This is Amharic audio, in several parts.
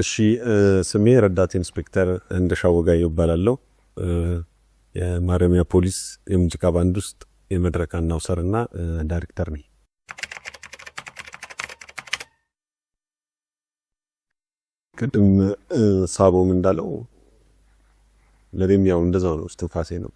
እሺ ስሜ ረዳት ኢንስፔክተር እንደሻው ወጋየሁ እባላለሁ። የማረሚያ ፖሊስ የሙዚቃ ባንድ ውስጥ የመድረክ አናውሰር እና ዳይሬክተር ነኝ። ቅድም ሳቦም እንዳለው ለእኔም ያው እንደዛ ነው፣ እስትንፋሴ ነው።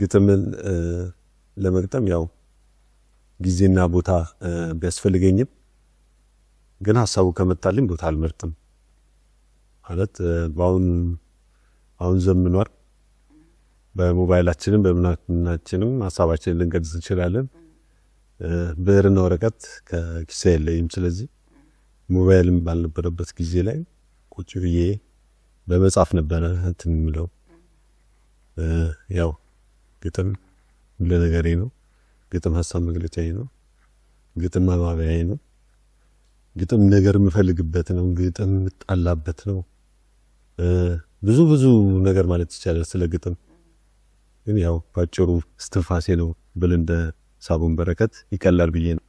ግጥምን ለመግጠም ያው ጊዜና ቦታ ቢያስፈልገኝም ግን ሀሳቡ ከመጣልኝ ቦታ አልመርጥም ማለት በአሁን አሁን ዘምኗል። በሞባይላችንም በምናችንም ሀሳባችንን ልንገልጽ እንችላለን። ብዕርና ወረቀት ከኪሳ የለይም ስለዚህ ሞባይልም ባልነበረበት ጊዜ ላይ ቁጭ ብዬ በመጻፍ ነበረ እንትን ያው ግጥም ለነገሬ ነው። ግጥም ሀሳብ መግለጫዬ ነው። ግጥም ማባቢያዬ ነው። ግጥም ነገር የምፈልግበት ነው፣ ግጥም የምጣላበት ነው። ብዙ ብዙ ነገር ማለት ይቻላል ስለ ግጥም። ግን ያው ባጭሩ እስትንፋሴ ነው ብል እንደ ሳቡን በረከት ይቀላል ብዬ ነው።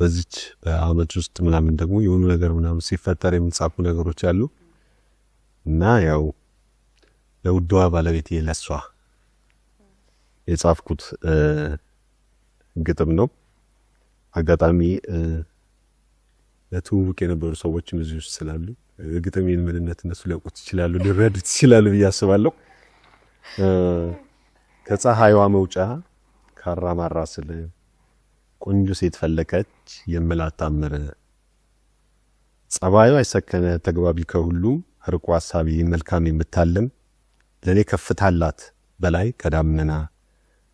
በዚች በአመት ውስጥ ምናምን ደግሞ የሆኑ ነገር ምናምን ሲፈጠር የምንጻፉ ነገሮች አሉ እና ያው ለውዷ ባለቤት ለሷ የጻፍኩት ግጥም ነው። አጋጣሚ ለትውውቅ የነበሩ ሰዎችም እዚህ ውስጥ ስላሉ ግጥሜን ምንነት እነሱ ሊያውቁት ይችላሉ፣ ሊረዱት ይችላሉ ብዬ አስባለሁ። ከፀሐይዋ መውጫ ካራማራ ስለ ቆንጆ ሴት ፈለቀች የምላታምር ጸባዩ አይሰከነ ተግባቢ ከሁሉ ርቆ ሀሳቢ መልካም የምታለም ለእኔ ከፍታላት በላይ ከዳመና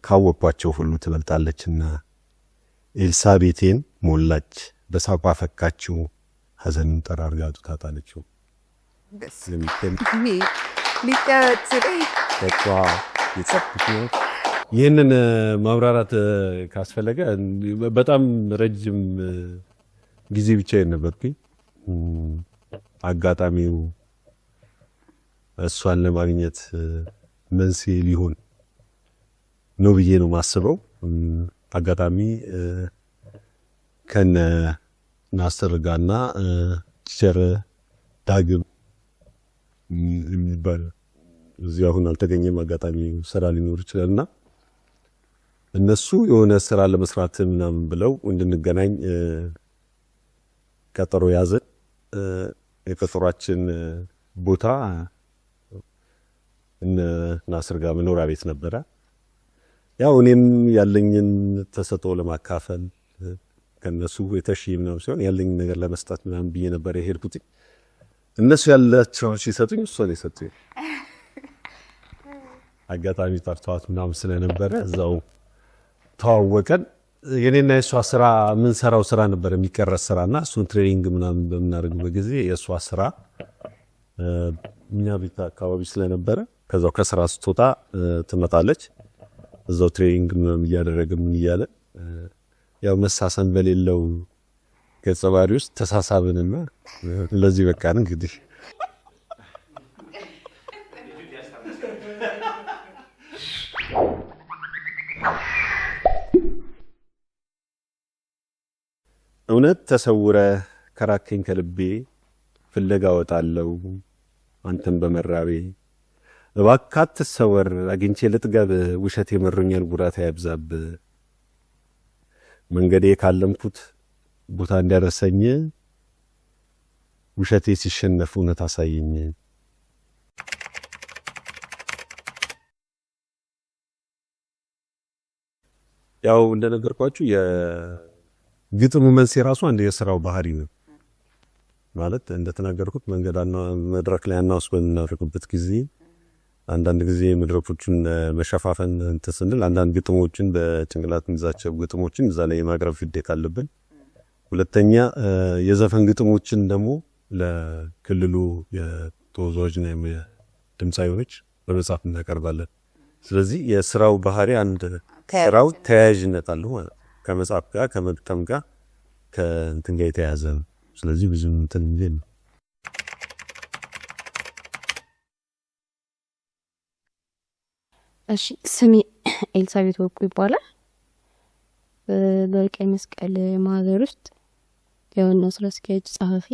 ካወቅኳቸው ሁሉ ትበልጣለችና። ኤልሳቤቴን ሞላች፣ በሳቋ ፈካችው፣ ሐዘንን ጠራርጋ ጡት ይህንን ማብራራት ካስፈለገ በጣም ረጅም ጊዜ ብቻ ነበርኩኝ። አጋጣሚው እሷን ለማግኘት መንስኤ ሊሆን ነው ብዬ ነው ማስበው። አጋጣሚ ከነ ናስር ጋና ቲቸር ዳግም የሚባል እዚህ አሁን አልተገኘም፣ አጋጣሚ ስራ ሊኖር ይችላል እና እነሱ የሆነ ስራ ለመስራት ምናምን ብለው እንድንገናኝ ቀጠሮ ያዘን። የቀጠሯችን ቦታ እነ ናስር ጋር መኖሪያ ቤት ነበረ። ያው እኔም ያለኝን ተሰጦ ለማካፈል ከነሱ የተሽየ ምናምን ሲሆን ያለኝ ነገር ለመስጠት ምናም ብዬ ነበር የሄድኩት። እነሱ ያላቸውን ሲሰጡኝ እሷ ላይ ሰጡኝ። አጋጣሚ ጠርተዋት ምናም ስለነበረ እዛው ተዋወቀን። የኔና የእሷ ስራ የምንሰራው ስራ ነበር የሚቀረስ ስራና እሱን ትሬኒንግ ምናምን በምናደርግበት ጊዜ የእሷ ስራ እኛ ቤት አካባቢ ስለነበረ ከዛው ከስራ ስትወጣ ትመጣለች እዛው ትሬኒንግ ምናምን እያደረገ ምን እያለ ያው መሳሰን በሌለው ገጸ ባህሪ ውስጥ ተሳሳብንና ለዚህ በቃን እንግዲህ እውነት ተሰውረ ከራከኝ ከልቤ ፍለጋ ወጣለው አንተን በመራቤ እባክህ አትሰወር፣ አግኝቼ ልጥገብ፣ ውሸት የመሮኛል፣ ጉራት ያብዛብ፣ መንገዴ ካለምኩት ቦታ እንዲያደርሰኝ ውሸቴ ሲሸነፍ እውነት አሳየኝ። ያው እንደነገርኳችሁ የግጥሙ መንስኤ ራሱ አንድ የስራው ባህሪ ነው። ማለት እንደተናገርኩት መንገድ መድረክ ላይ አናውንስ በምናደርግበት ጊዜ አንዳንድ ጊዜ መድረኮችን መሸፋፈን እንትን ስንል አንዳንድ ግጥሞችን በጭንቅላት እንዛቸው ግጥሞችን እዛ ላይ የማቅረብ ግዴታ አለብን። ሁለተኛ የዘፈን ግጥሞችን ደግሞ ለክልሉ የተወዛዋዥና ድምፃዊዎች በመጻፍ እናቀርባለን። ስለዚህ የስራው ባህሪ አንድ ስራው ተያያዥነት አለ ማለት ከመጻፍ ጋር ከመግጠም ጋር ከእንትን ጋር የተያያዘ ነው። ስለዚህ ብዙ እንትን ነው እሺ ስሜ ኤልሳቤት ወርቁ ይባላል። በቀይ መስቀል ማህበር ውስጥ የሆነ ስራ አስኪያጅ ጸሐፊ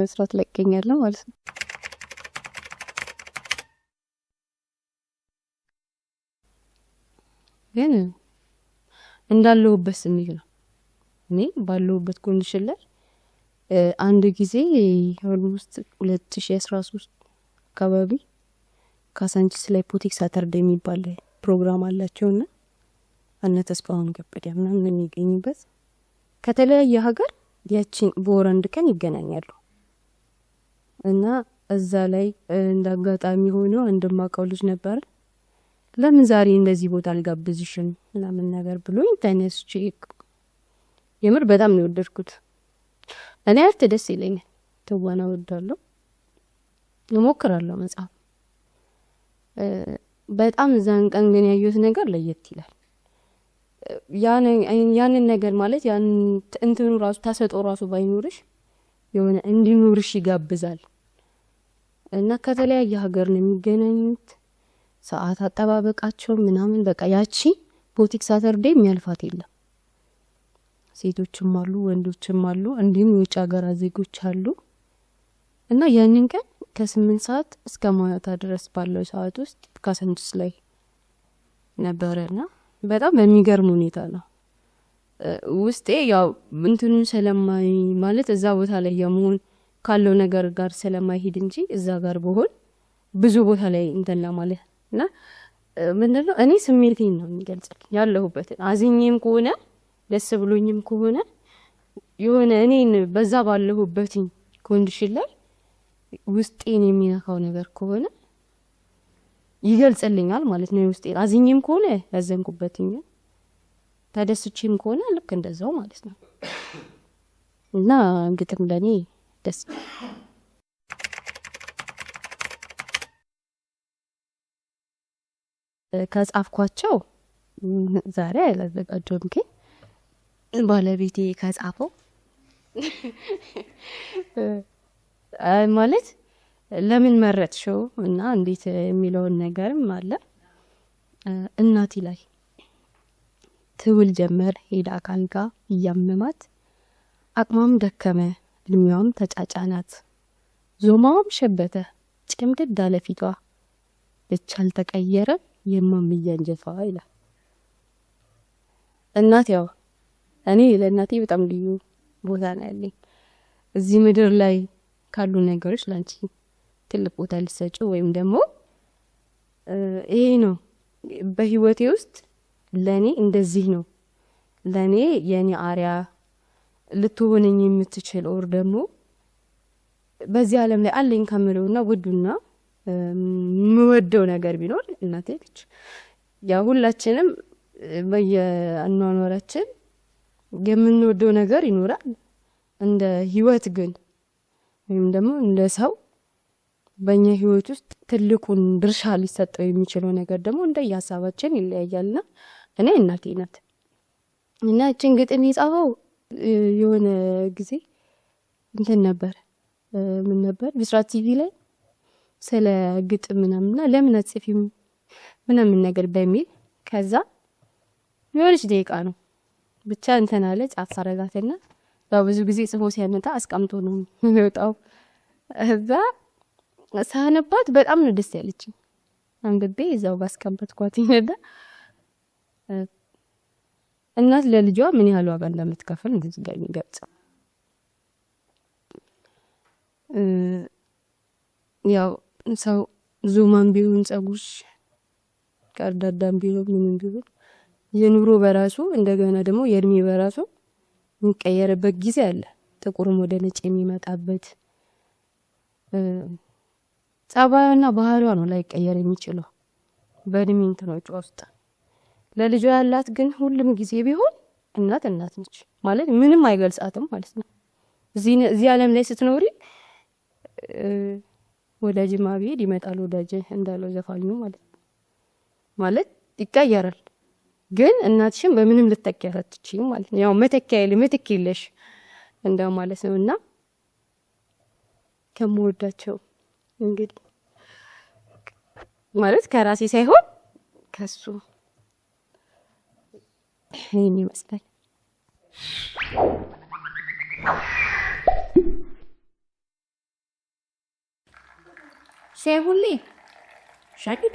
መስራት ላይ እገኛለሁ ማለት ነው። ግን እንዳለውበት ስሜት ነው። እኔ ባለሁበት ኮንዲሽን ላይ አንድ ጊዜ ኦልሞስት ሁለት ሺ አስራ ሶስት አካባቢ ካሳንቺስ ላይ ፖቲክ ሳተርደ የሚባል ፕሮግራም አላቸውና እነ ተስፋሁን ገበደ ምናምን የሚገኙበት ከተለያየ ሀገር ያችን በወር አንድ ቀን ይገናኛሉ እና እዛ ላይ እንደ አጋጣሚ ሆኖ እንደማውቀው ልጅ ነበር። ለምን ዛሬ እንደዚህ ቦታ አልጋብዝሽም ምናምን ነገር ብሎኝ ቼክ የምር በጣም ነው የወደድኩት። እኔ አርት ደስ ይለኛል፣ ትወና ወዳለሁ እሞክራለሁ መጽሐፍ በጣም እዛን ቀን ግን ያየሁት ነገር ለየት ይላል። ያንን ነገር ማለት እንትኑ ራሱ ተሰጦ ራሱ ባይኖርሽ የሆነ እንዲኖርሽ ይጋብዛል። እና ከተለያየ ሀገር ነው የሚገናኙት። ሰዓት አጠባበቃቸው ምናምን በቃ ያቺ ቦቲክ ሳተርዴ የሚያልፋት የለም። ሴቶችም አሉ፣ ወንዶችም አሉ፣ እንዲሁም የውጭ ሀገራት ዜጎች አሉ እና ያንን ቀን ከስምንት ሰዓት እስከ ማታ ድረስ ባለው ሰዓት ውስጥ ካሳንቺስ ላይ ነበረ ና በጣም በሚገርም ሁኔታ ነው ውስጤ ያው እንትኑን ስለማይ ማለት እዛ ቦታ ላይ የመሆን ካለው ነገር ጋር ስለማይሄድ እንጂ እዛ ጋር በሆን ብዙ ቦታ ላይ እንትን ለማለት እና ምንድነው እኔ ስሜቴን ነው የሚገልጽልኝ ያለሁበትን አዝኜም ከሆነ ደስ ብሎኝም ከሆነ የሆነ እኔን በዛ ባለሁበትኝ ኮንዲሽን ላይ ውስጤን የሚነካው ነገር ከሆነ ይገልጽልኛል ማለት ነው። ውስጤን አዝኝም ከሆነ ያዘንኩበትኛ፣ ተደስቼም ከሆነ ልክ እንደዛው ማለት ነው። እና ግጥም ለእኔ ደስ ከጻፍኳቸው ዛሬ አላዘጋጀሁም፣ ግን ባለቤቴ ከጻፈው ማለት ለምን መረጥሽው እና እንዴት የሚለውን ነገርም አለ። እናቲ ላይ ትውል ጀመር። ሄዳ ካልጋ እያመማት አቅሟም ደከመ፣ እድሜዋም ተጫጫናት፣ ዞማዋም ሸበተ፣ ጭምድድ አለ ፊቷ ብቻ አልተቀየረም የማምያ እንጀፋ ይላል። እናት ያው እኔ ለእናቴ በጣም ልዩ ቦታ ነው ያለኝ እዚህ ምድር ላይ ካሉ ነገሮች ለአንቺ ትልቅ ቦታ ልሰጪው ወይም ደግሞ ይሄ ነው በህይወቴ ውስጥ ለእኔ እንደዚህ ነው ለእኔ የእኔ አሪያ ልትሆነኝ የምትችል ኦር ደግሞ በዚህ ዓለም ላይ አለኝ ከምለውና ውዱና የምወደው ነገር ቢኖር እናቴ ልጅ ያ ሁላችንም በየአኗኗራችን የምንወደው ነገር ይኖራል። እንደ ህይወት ግን ወይም ደግሞ እንደ ሰው በእኛ ህይወት ውስጥ ትልቁን ድርሻ ሊሰጠው የሚችለው ነገር ደግሞ እንደ እንደየ ይለያያል ና እኔ እናቴ ናት እና እችን ግጥም የጻፈው የሆነ ጊዜ እንትን ነበር ምን ነበር ብስራት ቲቪ ላይ ስለ ግጥም ምናምና ለምን አትጽፊም ምናምን ነገር በሚል ከዛ የሆነች ደቂቃ ነው ብቻ እንትን አለ ጫፍ ሳረጋትና በብዙ ጊዜ ጽፎ ሲያመጣ አስቀምጦ ነው የሚወጣው። እዛ ሳነባት በጣም ነው ደስ ያለች። አንብቤ እዛው ባስቀመጥኳት ይነዳ እናት ለልጇ ምን ያህል ዋጋ እንደምትከፍል እንደዚህ ጋር የሚገልጽ ያው ሰው ዙማን ቢሆን ጸጉሽ ቀርዳዳም ቢሆን ምንም ቢሆን የኑሮ በራሱ እንደገና ደግሞ የእድሜ በራሱ የሚቀየርበት ጊዜ አለ። ጥቁርም ወደ ነጭ የሚመጣበት ጸባዩና ባህሪዋ ነው ላይቀየር የሚችለው በእድሜ እንትኖቿ ውስጥ። ለልጇ ያላት ግን ሁሉም ጊዜ ቢሆን እናት እናት ነች ማለት ምንም አይገልጻትም ማለት ነው። እዚህ ዓለም ላይ ስትኖሪ ወዳጅ ማብሄድ ይመጣል ወዳጅ እንዳለው ዘፋኙ ማለት ማለት ይቀየራል። ግን እናትሽን በምንም ልተኪያ አትችይም ማለት ነው። ያው መተኪያ የለ ምትክ የለሽ እንደ ማለት ነው። እና ከምወዳቸው እንግዲህ ማለት ከራሴ ሳይሆን ከሱ ይህን ይመስላል። ሴሁሌ ሻጊዴ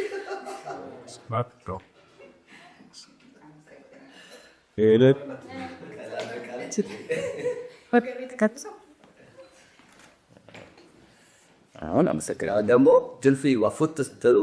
ናቸው። አሁን አመሰግናለሁ። ደግሞ ጅልፊ ዋፉት ስትሉ